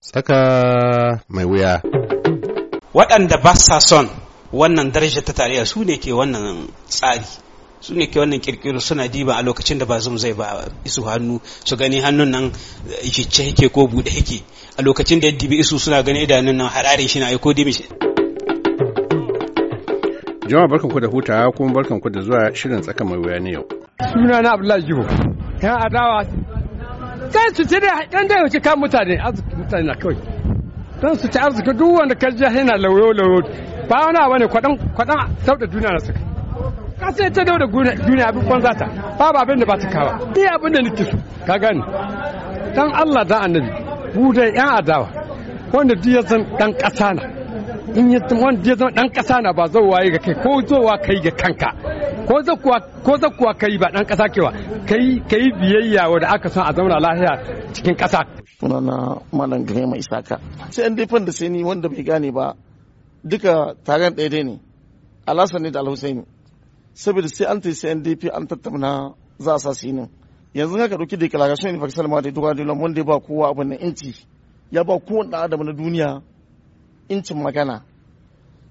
Saka mai wuya. Waɗanda ba sa son wannan darajar ta tarayya su ne ke wannan tsari. su ne ke wannan ƙirƙiru suna diba a lokacin da ba zum zai ba isu hannu su gani hannun nan jicce yake ko buɗe yake a lokacin da ya dibi isu suna gani idanun nan harare shi na aiko ko shi Jam'a barkan ku da hutawa kuma barkan ku da zuwa shirin tsaka mai wuya ne yau suna na abdullahi jibo yan adawa kai su ce da yan da yauce kan mutane mutane na kawai don su ci arziki duk wanda ka ja yana lauyo lauyo ba wani abu ne kwadan kwadan sauda duniya na suka kasa ya ce dauda duniya abin banza ta ba ba abin da ba ta kawa ni abin da nake so ka gani dan Allah da annabi mu da yan adawa wanda duk ya san dan kasa na in ya wanda ya zama dan kasa na ba waye ga kai ko zowa kai ga kanka ko zai kuwa kai ba dan kasa kewa kai yi biyayya wanda aka san a zauna lahiya cikin kasa sunana malam mai Isaka sai an dai da sai ni wanda bai gane ba duka taron ɗaya ne Alhassan ne da ne saboda sai an taisa sai NDP an tattauna za a sa sinin yanzu haka dauki declaration ne fakisar ma da duka da wanda ba kowa abin nan inci ya ba kowanne adam na duniya incin magana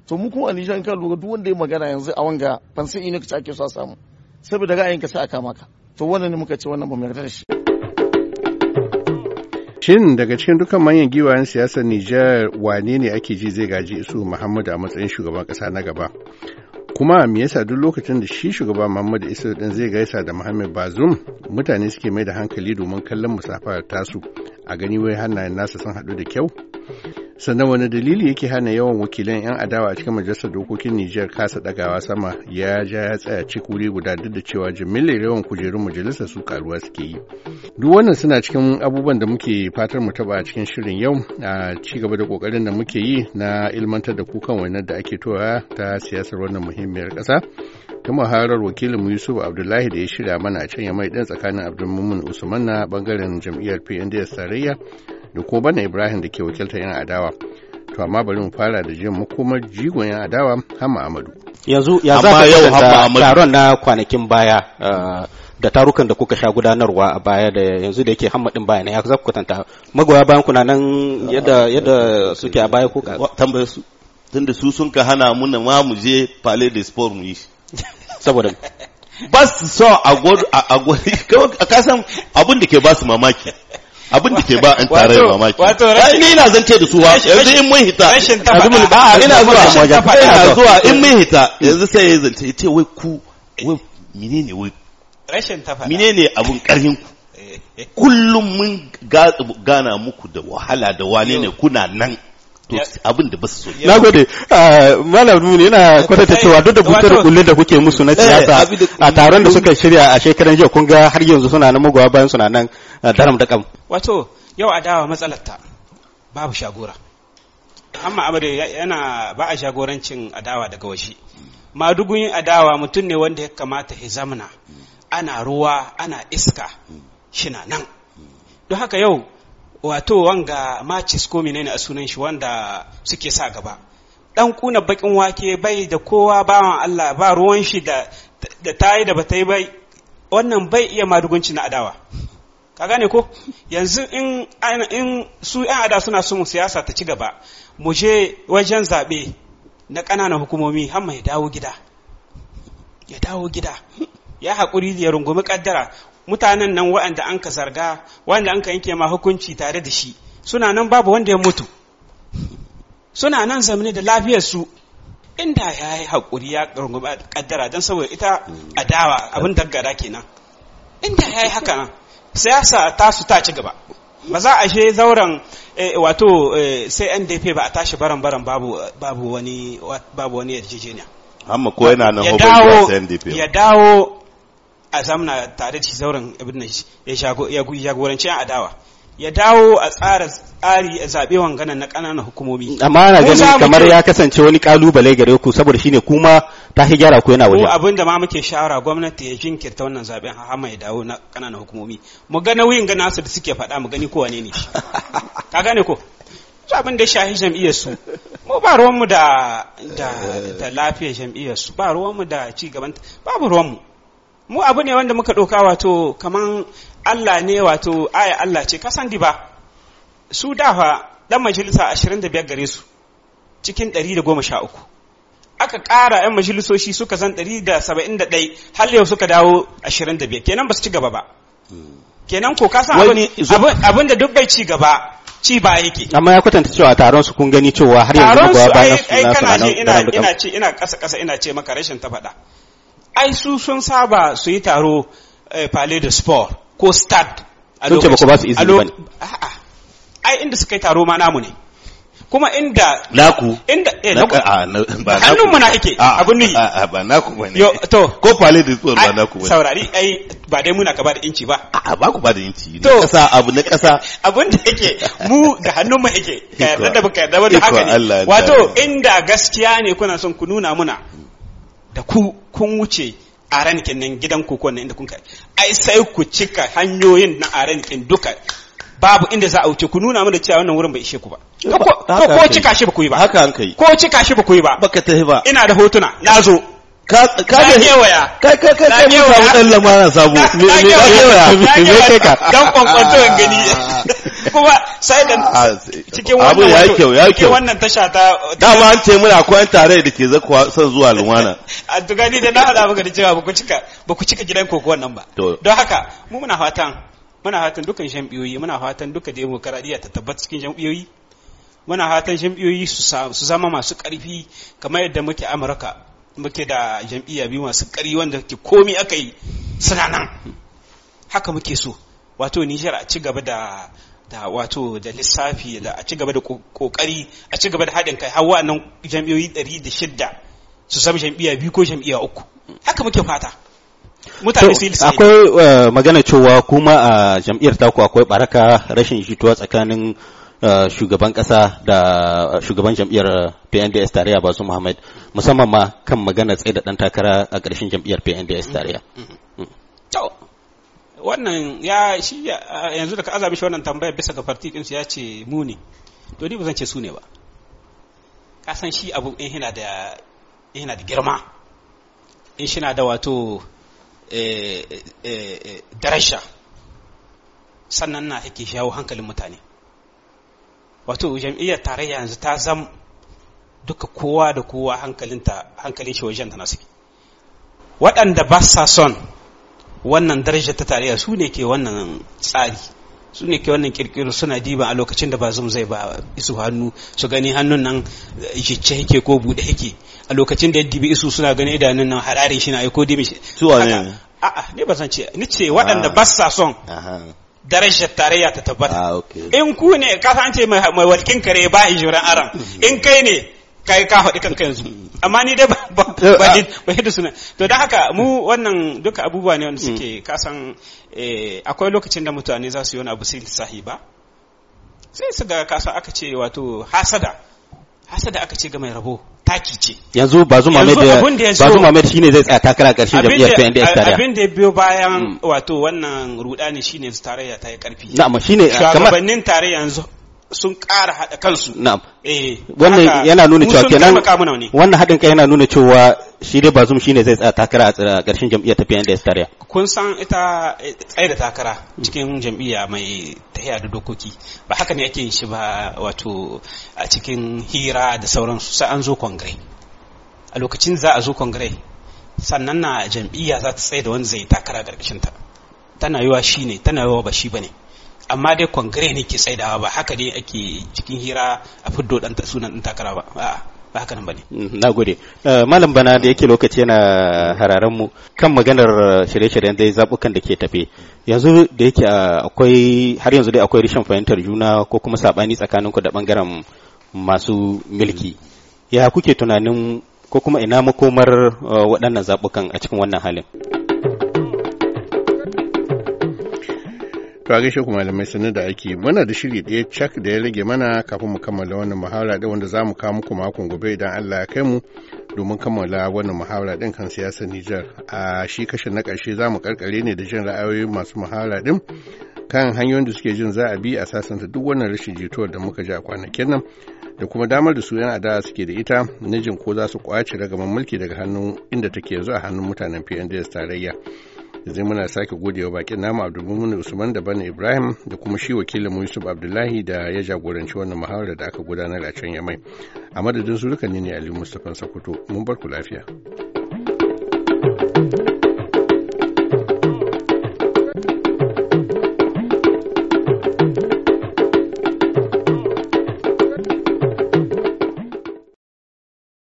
to mu kuma alisha in ka lura duk wanda ya magana yanzu a wanga ban san ina ake so a samu saboda ra'ayin ka sai aka maka to wannan ne muka ce wannan ba mu yarda da shi shin daga cikin dukkan manyan giwayen siyasar Nijar wane ne ake ji zai gaji isu Muhammadu a matsayin shugaban kasa na gaba kuma me yasa duk lokacin da shi shugaba muhammadu isa din zai gaisa da Muhammad Bazoum mutane suke mai da hankali domin kallon musafar tasu a gani wai hannayen nasa sun haɗu da kyau sannan wani dalili yake hana yawan wakilan 'yan adawa a cikin majalisar dokokin nijar kasa dagawa sama ya ja ya tsaya cik wuri guda duk da cewa jimillar yawan kujerun majalisar su karuwa suke yi duk wannan suna cikin abubuwan da muke fatar mu taba a cikin shirin yau a ci gaba da kokarin da muke yi na ilmantar da kukan wainar da ake towa ta siyasar wannan muhimmiyar kasa ta muharar wakilin yusuf abdullahi da ya shirya mana a can ya mai din tsakanin abdulmumin usman na bangaren jam'iyyar pnds tarayya da ko bana ibrahim da ke wakiltar yan adawa to amma bari mu fara da jin makomar jigon yan adawa hama amadu yanzu ya za ka yau da taron na kwanakin baya uh, da tarukan da kuka sha gudanarwa a baya da yanzu da yake din baya ne ya za ku kwatanta magoya bayan kuna nan yadda yadda suke a baya ko ka tambaye su tunda su sun ka hana mu na ma mu je palais de sport mu yi saboda ba su so a gwada a gwada ka san abin da ke ba su mamaki abin da ke ba an tare da mamaki ai ni ina zance da su yanzu in mun hita ina zuwa ina zuwa in mun hita yanzu sai ya zance ya ce wai ku wai menene wai rashin tafara menene abun karhin ku kullum mun gana muku da wahala da wane ne kuna nan to abin da ba su so na gode ah, malam nuni yana kwatanta cewa duk da butar kullun da kuke musu na eh, siyasa a taron da suka shirya a shekaran jiya kun ga har yanzu suna nan mugwa bayan suna nan Eh, daram da kam wato yau adawa matsalar babu shagora amma amadu yana ba a shagorancin adawa daga waje madugun adawa mutum ne wanda ya kamata ya zamana ana ruwa ana iska shina nan don haka yau wato wanga macis ko ne a sunan shi wanda suke sa gaba dan kuna bakin wake bai da kowa bawan Allah ba ruwan shi da da tayi da bata yi bai wannan bai iya madugunci na adawa ka gane ko yanzu in, in su 'yan ada suna son siyasa ta ci gaba mu je wajen zaɓe na ƙananan hukumomi hamma ya dawo gida ya dawo gida ya haƙuri ya rungumi ƙaddara mutanen nan waɗanda an ka zarga waɗanda an ka yanke ma hukunci tare da shi suna nan babu wanda ya mutu suna nan zamani da lafiyarsu inda ya yi haƙuri ya rungumi ƙaddara don saboda ita adawa abin daggara kenan inda ya yi haka nan siyasa ta su ta ci gaba ba za a she zauren eh, wato eh, sai ndp ba a tashi baran baran babu wani babu wani yarjejeniya amma ko yana nan ya dawo ya dawo a zamna tare da shi zauren ibn ya jagoranci yan adawa ya dawo a tsara tsari a zaɓe wanganan na ƙananan hukumomi. Amma ana ganin kamar ya kasance wani ƙalubale gare ku saboda shine kuma ta fi gyara ku yana waje. Ko abin da ma muke shawara gwamnati ya jinkirta wannan zaɓen hama ya dawo na ƙananan hukumomi. Mu ga nauyin ga nasu da suke faɗa mu gani ko wane ne. Ka gane ko? abin da shahi jam'iyyar su mu ba ruwanmu da da lafiyar jam'iyyar su ba ruwanmu da ci gaban babu ruwanmu. mu abu ne wanda muka ɗauka wato kaman Allah ne wato aya Allah ce kasan ba su dafa ɗan majalisa biyar gare su cikin ɗari da goma sha uku aka ƙara ɗan majalisoshi suka zan ɗari da da saba'in 171 har yau suka dawo ashirin da biyar kenan ba su ci gaba ba kenan ko ka san abin da duk bai ci gaba ci ba yake amma ya kwatanta cewa taron su kun gani cewa har yanzu ba bayan su na su ina ina ce ina kasa kasa ina ce maka rashin ta faɗa ai su sun saba su yi taro eh, palais de sport ko stade a lokacin ba su izini bane ai inda suka yi taro ma namu ne kuma inda naku inda eh laku ba hannun mu na ike abun ni ba naku bane yo to ko palais de sport ba naku bane saurari ai ba dai muna ka ba da inci ba A ba ku ba da inci ne kasa abu na kasa abun da yake mu da hannun mu yake ka yarda da baka yarda ba da haka ne wato inda gaskiya ne kuna son ku nuna muna da ku kun wuce ranikin nan gidan koko ko inda kun kai ai sai ku cika hanyoyin na ranikin duka babu inda za a wuce ku nuna mana cewa wannan wurin bai ishe ku ba ko cika shi ba ku yi ba haka an kai ko cika shi ba ku yi ba baka tafi ba ina da hotuna na zo ka ka ka ka ka ka mun samu dan lamana sabo me me ka kewaya me kai ka dan kwankwanto in gani ah, ah, ah. kuma sai dan eh, cikin wannan ya kyau ya kyau wannan tasha ta dama an ce muna akwai an tare da ke zakuwa son zuwa lumana a to da na hada maka da cewa ba ku cika ba ku cika gidan koko wannan ba don haka mu muna fatan muna fatan dukkan jam'iyoyi muna fatan duka demokaradiyya ta tabbata cikin jam'iyoyi muna fatan jam'iyoyi su zama masu ƙarfi kamar yadda muke amurka muke da jam'iyya biyu masu ƙari wanda ke komi aka yi suna nan haka muke so wato Nijar a ci gaba da da wato da lissafi da a ci gaba da kokari a ci gaba da haɗin kai har wa'annan jam'iyyoyi ɗari da shidda su sami jam'iyya biyu ko jam'iyya uku haka muke fata mutane su yi akwai eh, magana cewa kuma a jam'iyyar taku akwai baraka rashin jituwa tsakanin Uh, shugaban ƙasa da uh, shugaban jam'iyyar PNDS tarayya Basu Muhammad musamman ma kan magana tsaye da ɗan takara a ƙarshen jam'iyyar PNDS tarayya. Mm-hmm. Mm-hmm. To, wannan ya shi uh, yanzu da ka azabi shi wannan tambayar bisa ga farti din ya ce mu ne. To ni ba zan ce su ne ba. Ka san shi abu in yana da yana da girma. In shi na da wato eh, eh, eh, darasha sannan na yake shawo hankalin mutane. wato jam'iyyar tarayya yanzu ta zam duka kowa da kowa hankalinta hankalin shi wajen ta suke waɗanda ba sa son wannan darajar ta tarayya su ne ke wannan tsari su ne ke wannan kirkiru suna diba a lokacin da ba zum zai ba isu hannu su gani hannun nan jicce yake ko buɗe yake a lokacin da dibi isu suna gani idanun nan hararin shi na aiko dimi su ne a'a ne ba san ce ni ce waɗanda ah. ba sa son darajar tarayya ta tabbata ah, in ku ne ka san ce mai walkin kare ba injuran aran in kai ne kai ka faɗi kanka yanzu amma ni dai ba ba hidu ah. suna to da haka mu wannan duka abubuwa ne wanda suke kasan eh, akwai lokacin da mutane za su yi wani abu sai sahi ba sai su ga kasan aka ce wato hasada hasada aka ce ga mai rabo taki ce yanzu ba zuma mai da ba zuma mai shine zai tsaya takara karshen da ya tsara. abin da biyo bayan mm. wato wannan rudani shine tarayya ta yi karfi na'am shine kamar shugabannin tarayya yanzu sun ƙara haɗa kansu. Na'am. Eh, wannan yana nuna cewa kenan wannan haɗin kai yana nuna cewa shi dai bazum shine zai tsaya takara a ƙarshen jam'iyyar tafiya da tarayya. Kun san ita eh, tsaye da takara cikin jam'iyya mai tahiya da dokoki ba haka ne ake yin shi ba wato a cikin hira da sauransu sai an zo kongire. A lokacin za a zo kongire sannan na jam'iyya za ta tsaye da wanda zai takara ƙarƙashin ta. Tana yiwa shi ne tana yiwa ba shi ba ne. amma dai kongire ne ke saidawa ba haka dai ake cikin hira a fiddo dan sunan dan takara ba ba haka nan bane mm, na gode uh, malam bana da yake lokaci yana hararen mu kan maganar uh, shirye-shiryen dai zabukan da ke tafe yanzu da yake uh, akwai har yanzu dai akwai rishin fahimtar juna ko kuma sabani tsakaninku da bangaren masu milki ya kuke tunanin ko kuma ina makomar waɗannan zabukan a cikin wannan halin To a gaishe kuma malamai sanar da ake muna da shiri ɗaya cak da ya rage mana kafin mu kammala wannan muhawara ɗin wanda za mu kawo muku makon gobe idan Allah ya kai mu domin kammala wannan muhawara ɗin kan siyasar Nijar. A shi kashin na ƙarshe za mu karkare ne da jin ra'ayoyin masu muhawara ɗin kan hanyoyin da suke jin za a bi a sasanta duk wannan rashin jituwar da muka ji a kwanakin nan da kuma damar da su yan adawa suke da ita na jin ko za su ƙwace ragaman mulki daga hannun inda take yanzu a hannun mutanen PNDS tarayya. yanzu muna sake gode wa bakin namu abdulmumin usman da bani ibrahim da kuma shi wakilin mu yusuf abdullahi da ya jagoranci wannan muhawara da aka gudanar a can yamai a madadin su duka ne ali mustapha sakoto mun bar ku lafiya